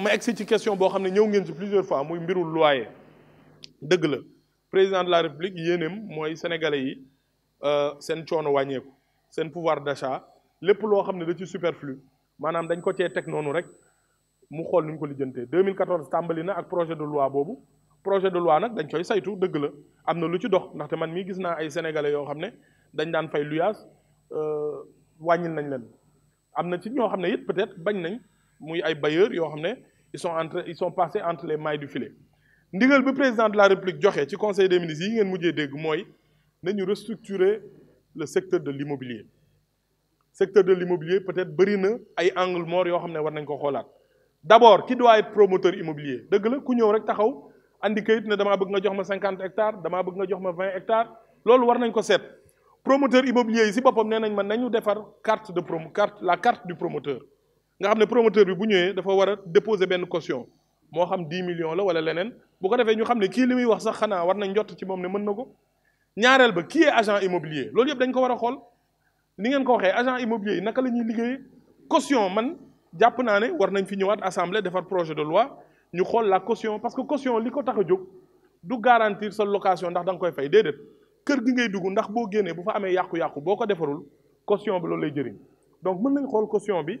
ma egsi ci question boo xam ne ngeen plusieurs fois muy mbiru loyer dëgg la président de la république yéeneem mooy sénégalais yi euh, seen coono wàññeeku seen pouvoir d'achat lépp loo xam da ci superflu Madame, dañ ko cee teg noonu rek mu xol nu ñu ko lijjantee 2014 tàmbali na ak projet de loi Bobu. projet de loi nak dañ koy saytu deug la amna lu ci dox te man mi gis na ay sénégalais yo xamné dañ dan fay euh wàññil nañ leen amna ci ño xamné ne peut-être bañ nañ muy ay bailleurs yo xamné ils sont entre ils sont passés entre les mailles du filet ndigal bi président de la république joxe ci conseil des ministres yi ngeen mujjee restructurer le secteur de l'immobilier secteur de l'immobilier peut-être bëri na ay angle mort d'abord qui doit être promoteur immobilier dëgg la ku que rek taxaw andi kayit ne damaa bëgg nga hectares damaa bëgg nga jox ma hectares loolu war nañ ko seet promoteur immobilier ici, si boppam nañ ma la carte du promoteur nga xam promoteur bi bu ñëwé dafa wara déposer ben caution mo xam 10 millions la wala leneen bu ko défé ñu xam ne kii li wax sax xana war na jot ci mom né mën na ñaarël ba ki est agent immobilier loolu yëpp dañ ko wara xol ni ngeen ko waxé agent immobilier naka lañuy liggéey caution man japp naa ne war nañ fi ñëwaat assemblée défar projet de loi ñu xol la caution parce que caution liko ko tax du garantir sa location ndax da nga koy fay déedéet kër gi ngay dugg ndax boo génnee bu fa amee yàqu-yàqu boo ko defarul caution bi loolu lay jëriñ donc mën nañ xool caution bi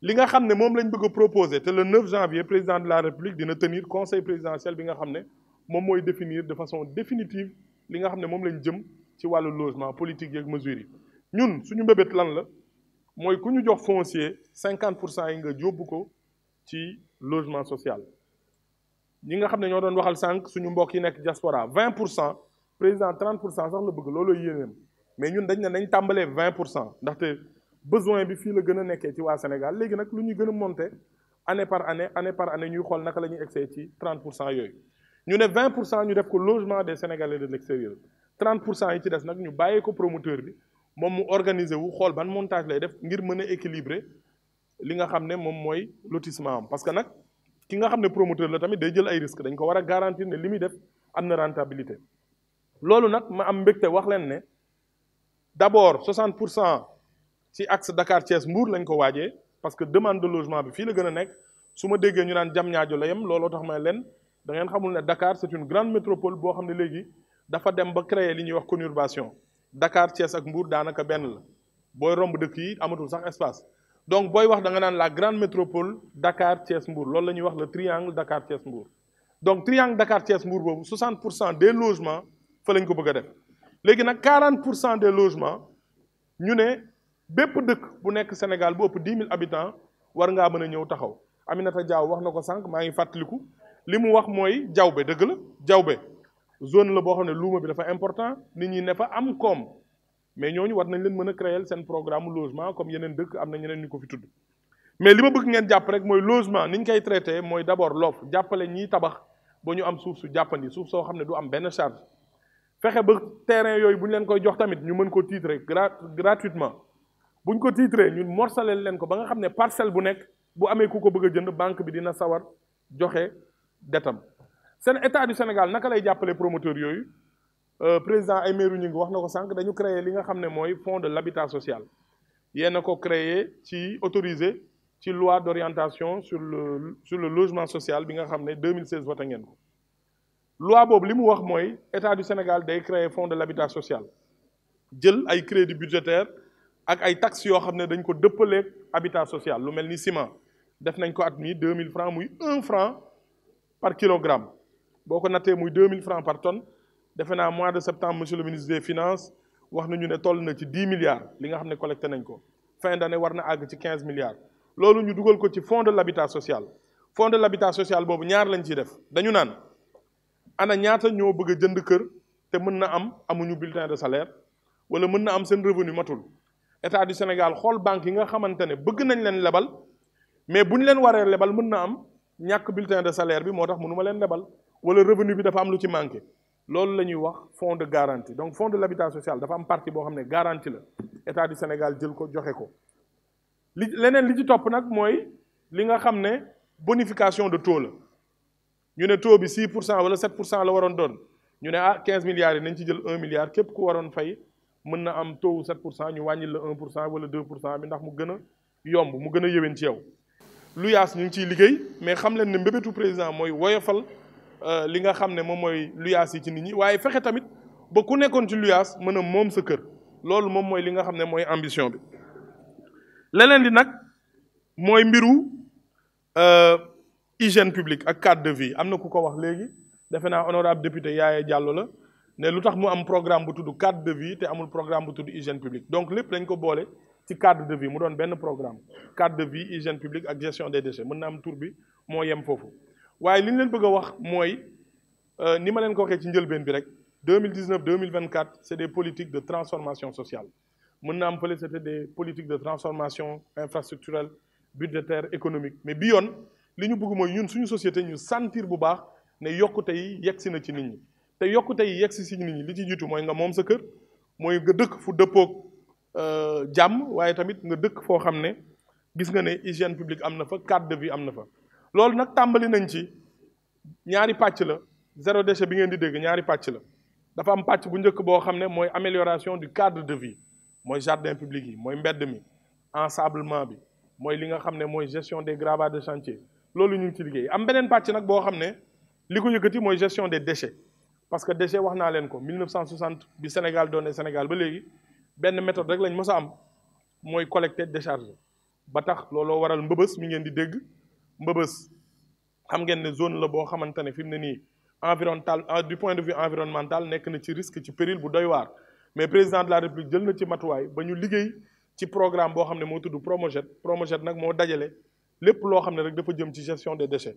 li nga xam mom lañ bëgg proposer le 9 janvier président de la république dina tenir conseil présidentiel bi nga xam mom moy définir de façon définitive li nga xam mom lañ jëm ci walu logement politique yak mesures yi ñun suñu mbébét lan la moy ku ñu jox foncier 50 yi nga yóbbu ko ci logement social ñi nga xam ñoo doon waxal sànq suñu mbokk yi nek diaspora 20 président 30 sax la bëgg looloo yéeneem mais ñun dañ ne nañ tambalé 20 besoin bi fii la gën a nekkee ci waa Sénégal léegi nag lu ñuy gën a monter année par année année par année ñuy xool naka la ñuy ci 30 pour cent yooyu ñu ne 20 pour cent ñu def ko logement des Sénégalais de l'extérieur 30 pour cent yi ci des nag ñu bàyyi ko promoteur bi moom mu organiser wu xool ban montage lay def ngir mën a équilibrer li nga xam ne moom mooy lotissement am parce que nag ki nga xam ne promoteur la tamit day jël ay risque dañ ko war a garantir ne li muy def am na rentabilité loolu nag ma am mbégte wax leen ne d'abord 60 pour cent. Si axe Dakar Thiès Mbour lañ ko wajé parce que demande de logement bi fi la gëna nek suma déggé ñu naan Diamniadio la yem looloo tax ma len da ngeen xamul né Dakar c'est une grande métropole bo xamné légui dafa dem ba créer li ñuy wax conurbation Dakar Thiès ak Mbour danaka benn la boy romb dëkk yi amatul sax espace donc boy wax da nga naan la grande métropole Dakar Thiès Mbour loolu lañuy wax le triangle Dakar Thiès Mbour donc triangle Dakar Thiès Mbour bobu 60 des logements fa lañ ko bëgg a def 40 des logements ñu ne. bépp dëkk bu nekk Sénégal bu ëpp dix mille habitants war ngaa mën a ñëw taxaw Aminata jaaw wax na ko sànq maa ngi fàttaliku li mu wax mooy jawbe dëgg la jawbe zone la boo xam ne luuma bi dafa important nit ñi ne fa am koom mais ñooñu war nañ leen mën a créer seen programme logement comme yeneen dëkk am na ñeneen ni ko fi tudd mais li ma bëgg ngeen jàpp rek mooy logement ni ñu koy traité mooy d'abord l'offre jàppale ñiy tabax ba ñu am suuf su jàppandi suuf soo xam ne du am benn charge fexe ba terrain yooyu bu leen koy jox tamit ñu mën ko titre gratuitement buñ ko titré ñun morcelé leen ko ba nga xam ne parcelle bu nekk bu amee ku ko bëgg a jënd banque bi dina sawar joxe detam seen état du Sénégal naka lay jàppale promoteur yooyu euh, président Aymérou Gningue wax na ko sànq dañu créer li nga xam ne mooy fonds de l'habitat social yéen ko créer ci autorisé ci loi d'orientation sur le sur le logement social bi nga xam ne 2016 voté ngeen ko loi boobu li mu wax mooy état du Sénégal day créer fonds de l'habitat social jël ay crédit budgétaire ak ay taxes yoo xam ne dañ ko dëppalee habitat social lu mel ni ciment def nañ ko at mi 2000 francs muy 1 franc par kilogramme boo ko nattee muy 2000 francs par tonne defe naa mois de septembre monsieur le ministre des finances wax nañu ne toll na ci 10 milliards li nga xam ne collecté nañ ko fin d' année war na àgg ci 15 milliards loolu ñu dugal ko ci fonds de l'habitat habitat social fonds de l'habitat habitat social boobu ñaar lañ ci def dañu naan ana ñaata ñoo bëgg a jënd kër te mën na am amuñu bulletin de salaire wala mën na am seen revenu matul état du Sénégal xol banque yi nga xamante bëgg nañ leen lebal mais buñ leen waree lebal mën na am ñàkk bulletin de salaire bi moo tax mënu ma leen lebal wala revenu bi dafa am lu ci manqué loolu la ñuy wax fonds de garantie donc fonds de l'habitat social dafa am partie boo xam ne garantie la état du Sénégal jël ko joxe ko li leneen li ci topp nag mooy li nga xam ne bonification de taux la ñu ne taux bi 6 pour cent wala 7 pour cent la waroon doon ñu ne ah 15 milliards yi nañ ci jël 1 milliard képp ku waroon fay mën na am taux 7 pour cent ñu 1 wala 2 bi ndax mu gën a yomb mu gën a ci yow. lu mais xam leen ne mbébétu président mooy woyofal euh, li nga xam ne moom mooy lu yaas ci nit ñi waaye fexe tamit ba ku nekkoon ci lu yaas a moom sa loolu moom mooy li nga xam ne ambition bi leneen di nag mooy mbiru euh, hygiène publique ak de vie am na ku ko wax léegi defe naa honorable député Diallo la ne lutax mu am programme bu tudd cadre de vie te amul programme bu tudd hygiène publique donc lépp dañ ko boole ci cadre de vie mu doon benn programme cadre de vie hygiène publique ak gestion des déchets mën na am tour bi moo yem foofu waaye li ñu leen bëgg a wax mooy euh, ni ma leen ko waxee ci njëlbeen bi rek 2019 2024 c'est des politiques de transformation sociale mën na am fële des politiques de transformation infrastructurelle budgétaire économique mais bi yoon li ñu bëgg mooy ñun suñu société ñu sentir bu baax ne yokkute yi yegg si na ci nit ñi te yokkute yi yegg si si nit ñi li ci jiitu mooy nga mom sa keur moy nga dekk fu deppok euh jam waye tamit nga dekk fo xam gis nga ne hygiène publique amna fa cadre de vie amna fa loolu nak tambali nañ ci ñaari patch la zéro déchet bi ngeen di dégg ñaari patch la dafa am patch bu njëkk bo xam moy amélioration du cadre de vie moy jardin public yi moy mbedd mi ensablement bi moy li nga xam moy gestion des gravats de chantier loolu ñu ngi ci liggéey am benen patch nak bo xam liko li moy gestion des déchets parce que déjà wax naa leen ko 1960 bi Sénégal doone Sénégal ba léegi benn méthode rek lañ mës a am mooy collecter décharger ba tax looloo waral mbëbës mi ngeen di dégg mbëbës xam ngeen ne zone la boo xamante ne fi mu environnemental euh, du point de vue environnemental nekk na ci risque ci péril bu doy waar mais président de la république jël na ci matuwaay ba ñu liggéey ci programme boo xam ne moo tudd Promojet Promojet nag moo dajale lépp loo xam ne rek dafa jëm ci gestion des déchets